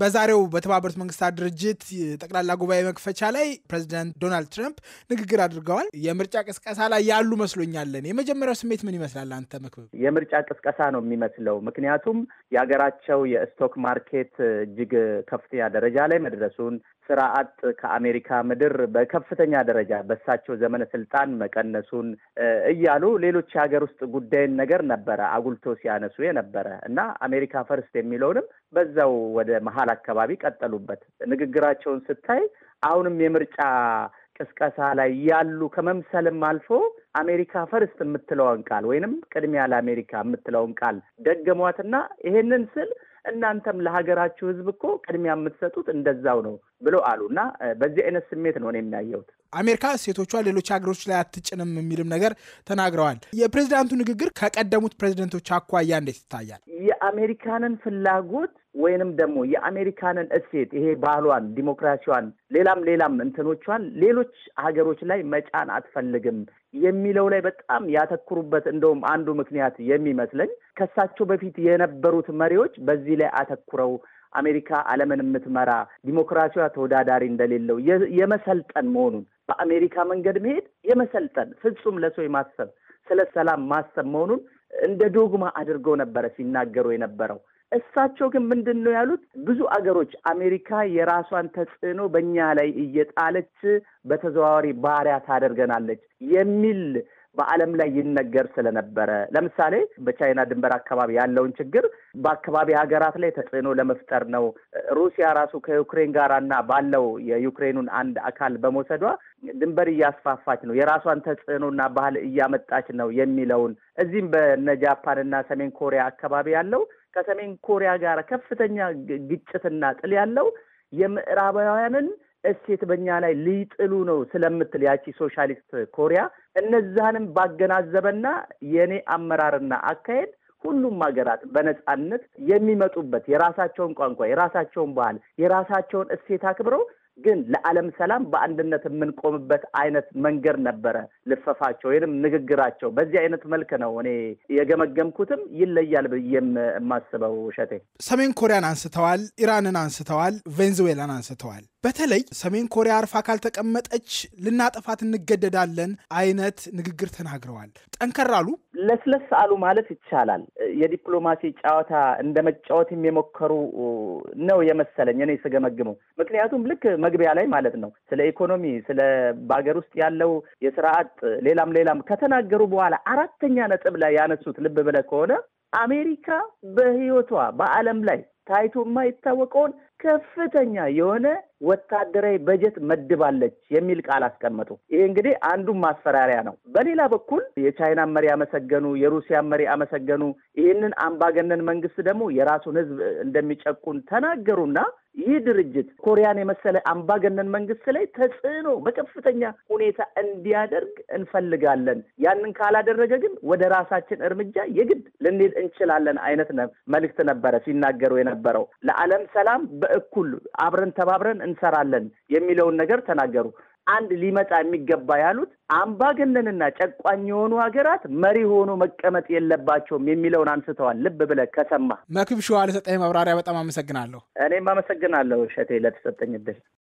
በዛሬው በተባበሩት መንግስታት ድርጅት ጠቅላላ ጉባኤ መክፈቻ ላይ ፕሬዚዳንት ዶናልድ ትራምፕ ንግግር አድርገዋል። የምርጫ ቅስቀሳ ላይ ያሉ መስሎኛለን። የመጀመሪያው ስሜት ምን ይመስላል አንተ መክበብ? የምርጫ ቅስቀሳ ነው የሚመስለው። ምክንያቱም የሀገራቸው የስቶክ ማርኬት እጅግ ከፍተኛ ደረጃ ላይ መድረሱን፣ ስራ አጥ ከአሜሪካ ምድር በከፍተኛ ደረጃ በሳቸው ዘመነ ስልጣን መቀነሱን እያሉ ሌሎች የሀገር ውስጥ ጉዳይን ነገር ነበረ አጉልቶ ሲያነሱ የነበረ እና አሜሪካ ፈርስት የሚለውንም በዛው ወደ መሀል አካባቢ ቀጠሉበት። ንግግራቸውን ስታይ አሁንም የምርጫ ቅስቀሳ ላይ ያሉ ከመምሰልም አልፎ አሜሪካ ፈርስት የምትለውን ቃል ወይንም ቅድሚያ ለአሜሪካ የምትለውን ቃል ደገሟትና ይሄንን ስል እናንተም ለሀገራችሁ ሕዝብ እኮ ቅድሚያ የምትሰጡት እንደዛው ነው ብሎ አሉ እና በዚህ አይነት ስሜት ነው የሚያየሁት። አሜሪካ ሴቶቿ ሌሎች ሀገሮች ላይ አትጭንም የሚልም ነገር ተናግረዋል። የፕሬዚዳንቱ ንግግር ከቀደሙት ፕሬዚደንቶች አኳያ እንዴት ይታያል? የአሜሪካንን ፍላጎት ወይንም ደግሞ የአሜሪካንን እሴት ይሄ ባህሏን፣ ዲሞክራሲዋን፣ ሌላም ሌላም እንትኖቿን ሌሎች ሀገሮች ላይ መጫን አትፈልግም የሚለው ላይ በጣም ያተኩሩበት እንደውም አንዱ ምክንያት የሚመስለኝ ከሳቸው በፊት የነበሩት መሪዎች በዚህ ላይ አተኩረው አሜሪካ ዓለምን የምትመራ ዲሞክራሲዋ ተወዳዳሪ እንደሌለው የመሰልጠን መሆኑን በአሜሪካ መንገድ መሄድ የመሰልጠን ፍጹም ለሰው የማሰብ ስለ ሰላም ማሰብ መሆኑን እንደ ዶግማ አድርገው ነበረ ሲናገሩ የነበረው። እሳቸው ግን ምንድን ነው ያሉት? ብዙ አገሮች አሜሪካ የራሷን ተጽዕኖ በእኛ ላይ እየጣለች በተዘዋዋሪ ባሪያ ታደርገናለች የሚል በዓለም ላይ ይነገር ስለነበረ ለምሳሌ በቻይና ድንበር አካባቢ ያለውን ችግር በአካባቢ ሀገራት ላይ ተጽዕኖ ለመፍጠር ነው። ሩሲያ ራሱ ከዩክሬን ጋራና ባለው የዩክሬኑን አንድ አካል በመውሰዷ ድንበር እያስፋፋች ነው፣ የራሷን ተጽዕኖና ባህል እያመጣች ነው የሚለውን እዚህም በነ ጃፓንና ሰሜን ኮሪያ አካባቢ ያለው ከሰሜን ኮሪያ ጋር ከፍተኛ ግጭትና ጥል ያለው የምዕራባውያንን እሴት በእኛ ላይ ሊጥሉ ነው ስለምትል ያቺ ሶሻሊስት ኮሪያ እነዛንም ባገናዘበና የእኔ አመራርና አካሄድ ሁሉም ሀገራት በነጻነት የሚመጡበት የራሳቸውን ቋንቋ፣ የራሳቸውን ባህል፣ የራሳቸውን እሴት አክብረው ግን ለዓለም ሰላም በአንድነት የምንቆምበት አይነት መንገድ ነበረ ልፈፋቸው ወይም ንግግራቸው። በዚህ አይነት መልክ ነው እኔ የገመገምኩትም ይለያል ብዬም የማስበው። እሸቴ ሰሜን ኮሪያን አንስተዋል፣ ኢራንን አንስተዋል፣ ቬንዙዌላን አንስተዋል። በተለይ ሰሜን ኮሪያ አርፋ ካልተቀመጠች ልናጠፋት እንገደዳለን አይነት ንግግር ተናግረዋል። ጠንከር አሉ። ለስለስ አሉ ማለት ይቻላል። የዲፕሎማሲ ጨዋታ እንደ መጫወት የሚሞከሩ ነው የመሰለኝ እኔ ስገመግመው። ምክንያቱም ልክ መግቢያ ላይ ማለት ነው ስለ ኢኮኖሚ፣ ስለ በሀገር ውስጥ ያለው የስርዓት ሌላም ሌላም ከተናገሩ በኋላ አራተኛ ነጥብ ላይ ያነሱት ልብ ብለህ ከሆነ አሜሪካ በህይወቷ በዓለም ላይ ታይቶ የማይታወቀውን ከፍተኛ የሆነ ወታደራዊ በጀት መድባለች የሚል ቃል አስቀመጡ። ይሄ እንግዲህ አንዱ ማስፈራሪያ ነው። በሌላ በኩል የቻይናን መሪ አመሰገኑ፣ የሩሲያን መሪ አመሰገኑ። ይህንን አምባገነን መንግስት ደግሞ የራሱን ህዝብ እንደሚጨቁን ተናገሩና ይህ ድርጅት ኮሪያን የመሰለ አምባገነን መንግስት ላይ ተጽዕኖ በከፍተኛ ሁኔታ እንዲያደርግ እንፈልጋለን። ያንን ካላደረገ ግን ወደ ራሳችን እርምጃ የግድ ልንሄድ እንችላለን አይነት መልእክት ነበረ ሲናገሩ የነበረው። ለዓለም ሰላም በእኩል አብረን ተባብረን እንሰራለን የሚለውን ነገር ተናገሩ። አንድ ሊመጣ የሚገባ ያሉት አምባገነንና ጨቋኝ የሆኑ ሀገራት መሪ ሆኖ መቀመጥ የለባቸውም የሚለውን አንስተዋል። ልብ ብለህ ከሰማህ መክብሾ ለሰጠኝ ማብራሪያ በጣም አመሰግናለሁ። እኔም አመሰግናለሁ እሸቴ ለተሰጠኝ እድል።